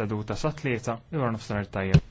seduta sa' tlieta, jgħu nofsenar tajjeb.